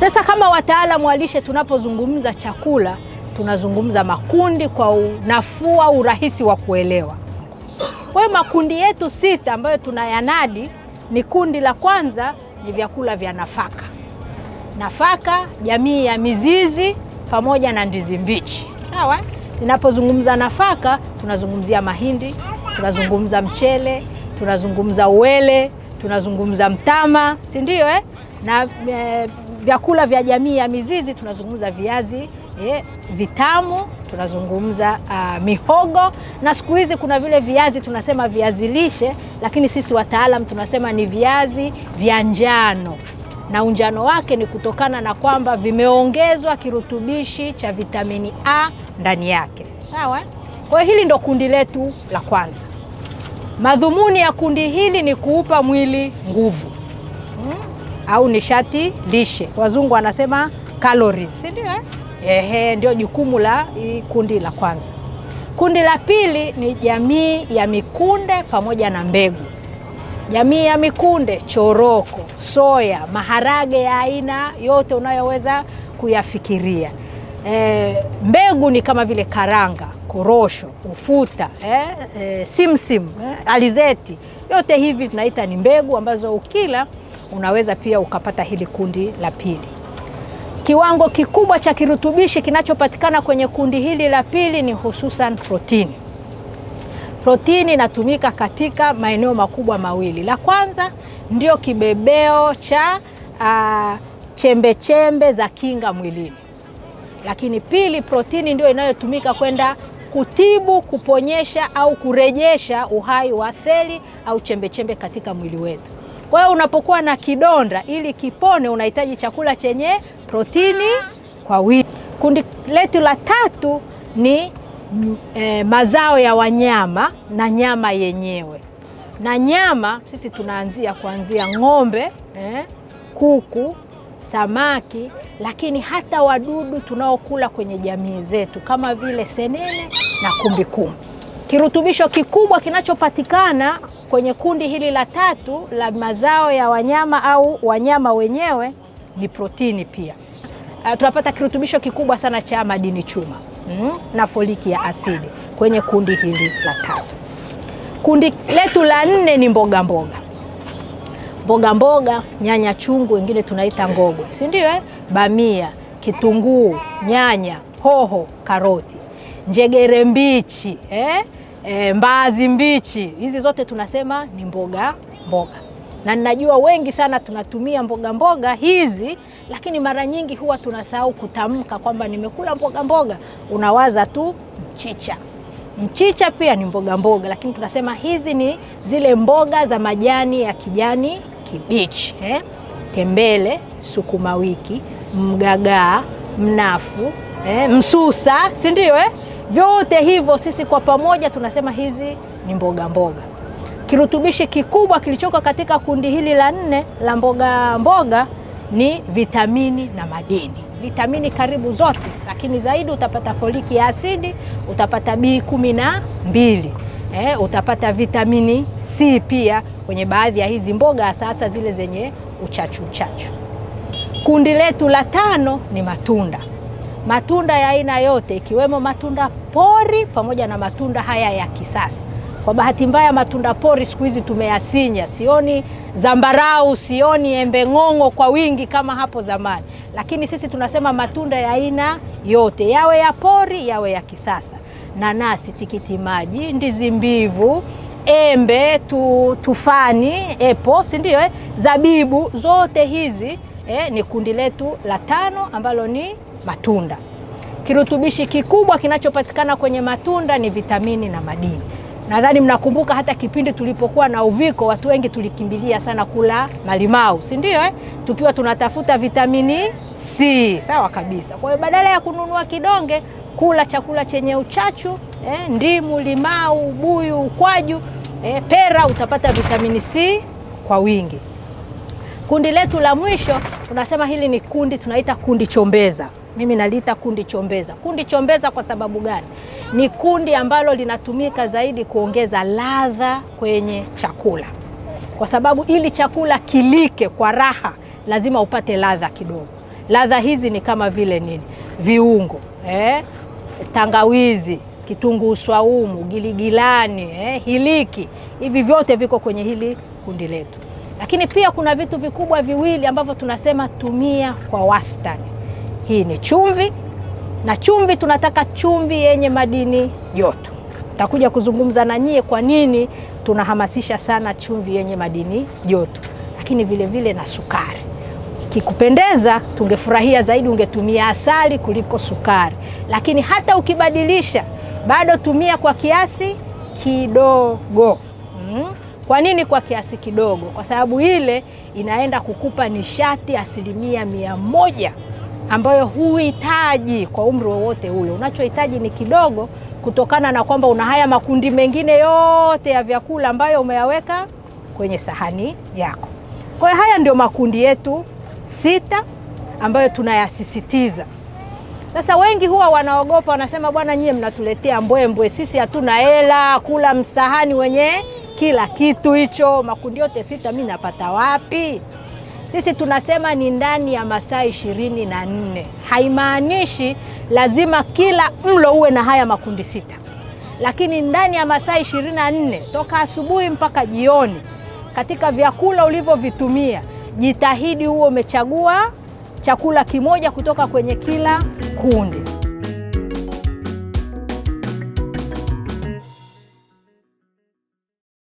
Sasa kama wataalamu wa lishe, tunapozungumza chakula tunazungumza makundi kwa unafuu au urahisi wa kuelewa. Kwa hiyo makundi yetu sita ambayo tunayanadi ni kundi la kwanza ni vyakula vya nafaka, nafaka jamii ya mizizi pamoja na ndizi mbichi. Sawa, ninapozungumza nafaka tunazungumzia mahindi, tunazungumza mchele, tunazungumza uwele, tunazungumza mtama, si ndio eh? na e, vyakula vya jamii ya mizizi tunazungumza viazi eh, vitamu tunazungumza a, ah, mihogo na siku hizi kuna vile viazi tunasema viazi lishe, lakini sisi wataalam tunasema ni viazi vya njano, na unjano wake ni kutokana na kwamba vimeongezwa kirutubishi cha vitamini A ndani yake. Sawa, kwa hiyo hili ndo kundi letu la kwanza. Madhumuni ya kundi hili ni kuupa mwili nguvu hmm, au nishati lishe, wazungu wanasema calories, si ndio? Eh? Ehe, ndio jukumu la kundi la kwanza. Kundi la pili ni jamii ya mikunde pamoja na mbegu. Jamii ya mikunde, choroko, soya, maharage ya aina yote unayoweza kuyafikiria. E, mbegu ni kama vile karanga korosho, ufuta, eh, eh, simsim, eh, alizeti, yote hivi tunaita ni mbegu ambazo ukila unaweza pia ukapata hili kundi la pili. Kiwango kikubwa cha kirutubishi kinachopatikana kwenye kundi hili la pili ni hususan protini. Protini inatumika katika maeneo makubwa mawili. La kwanza ndio kibebeo cha ah, chembechembe chembe za kinga mwilini, lakini pili, protini ndio inayotumika kwenda kutibu, kuponyesha au kurejesha uhai wa seli au chembechembe -chembe katika mwili wetu. Kwa hiyo unapokuwa na kidonda, ili kipone, unahitaji chakula chenye protini kwa wingi. Kundi letu la tatu ni e, mazao ya wanyama na nyama yenyewe. Na nyama sisi tunaanzia kuanzia ng'ombe eh, kuku samaki, lakini hata wadudu tunaokula kwenye jamii zetu kama vile senene na kumbikumbi. Kirutubisho kikubwa kinachopatikana kwenye kundi hili la tatu la mazao ya wanyama au wanyama wenyewe ni protini pia. Uh, tunapata kirutubisho kikubwa sana cha madini chuma mm, na foliki ya asidi kwenye kundi hili la tatu. Kundi letu la nne ni mboga mboga mboga mboga, nyanya chungu wengine tunaita ngogwe, si ndio eh? Bamia, kitunguu, nyanya, hoho, karoti, njegere mbichi eh? E, mbaazi mbichi, hizi zote tunasema ni mboga mboga, na ninajua wengi sana tunatumia mboga mboga hizi, lakini mara nyingi huwa tunasahau kutamka kwamba nimekula mboga mboga, unawaza tu mchicha. Mchicha pia ni mboga mboga, lakini tunasema hizi ni zile mboga za majani ya kijani kibichi eh? Tembele, sukuma wiki, mgagaa, mnafu eh? Msusa, si ndio eh? Vyote hivyo sisi kwa pamoja tunasema hizi ni mboga mboga. Kirutubishi kikubwa kilichoko katika kundi hili la nne la mboga mboga ni vitamini na madini. Vitamini karibu zote, lakini zaidi utapata foliki ya asidi, utapata B kumi na mbili eh, utapata vitamini C pia kwenye baadhi ya hizi mboga sasa zile zenye uchachu uchachu. Kundi letu la tano ni matunda, matunda ya aina yote ikiwemo matunda pori pamoja na matunda haya ya kisasa. Kwa bahati mbaya matunda pori siku hizi tumeyasinya, sioni zambarau, sioni embe ng'ong'o kwa wingi kama hapo zamani, lakini sisi tunasema matunda ya aina yote, yawe ya pori, yawe ya kisasa: nanasi, tikiti maji, ndizi mbivu embe tu, tufani epo, si ndio eh? Zabibu zote hizi eh, ni kundi letu la tano ambalo ni matunda. Kirutubishi kikubwa kinachopatikana kwenye matunda ni vitamini na madini. Nadhani mnakumbuka hata kipindi tulipokuwa na uviko, watu wengi tulikimbilia sana kula malimau, si ndio eh? Tukiwa tunatafuta vitamini C. Sawa kabisa. Kwa hiyo badala ya kununua kidonge kula chakula chenye uchachu eh, ndimu, limau, ubuyu, ukwaju eh, pera, utapata vitamini C kwa wingi. Kundi letu la mwisho tunasema hili ni kundi tunaita kundi chombeza. Mimi naliita kundi chombeza. Kundi chombeza kwa sababu gani? Ni kundi ambalo linatumika zaidi kuongeza ladha kwenye chakula, kwa sababu ili chakula kilike kwa raha lazima upate ladha kidogo. Ladha hizi ni kama vile nini? Viungo eh? tangawizi, kitunguu swaumu, giligilani, eh, hiliki, hivi vyote viko kwenye hili kundi letu. Lakini pia kuna vitu vikubwa viwili ambavyo tunasema tumia kwa wastani. Hii ni chumvi, na chumvi tunataka chumvi yenye madini joto. Takuja kuzungumza na nyie kwa nini tunahamasisha sana chumvi yenye madini joto, lakini vile vile na sukari kikupendeza, tungefurahia zaidi ungetumia asali kuliko sukari, lakini hata ukibadilisha bado tumia kwa kiasi kidogo. Mm. Kwa nini kwa kiasi kidogo? Kwa sababu ile inaenda kukupa nishati asilimia mia moja ambayo huhitaji kwa umri wowote ule. Unachohitaji ni kidogo, kutokana na kwamba una haya makundi mengine yote ya vyakula ambayo umeyaweka kwenye sahani yako. Kwa hiyo haya ndio makundi yetu sita ambayo tunayasisitiza. Sasa wengi huwa wanaogopa, wanasema bwana, nyie mnatuletea mbwembwe, sisi hatuna hela, kula msahani wenye kila kitu hicho, makundi yote sita, mi napata wapi? Sisi tunasema ni ndani ya masaa ishirini na nne. Haimaanishi lazima kila mlo uwe na haya makundi sita, lakini ndani ya masaa ishirini na nne toka asubuhi mpaka jioni, katika vyakula ulivyovitumia jitahidi huo umechagua chakula kimoja kutoka kwenye kila kundi.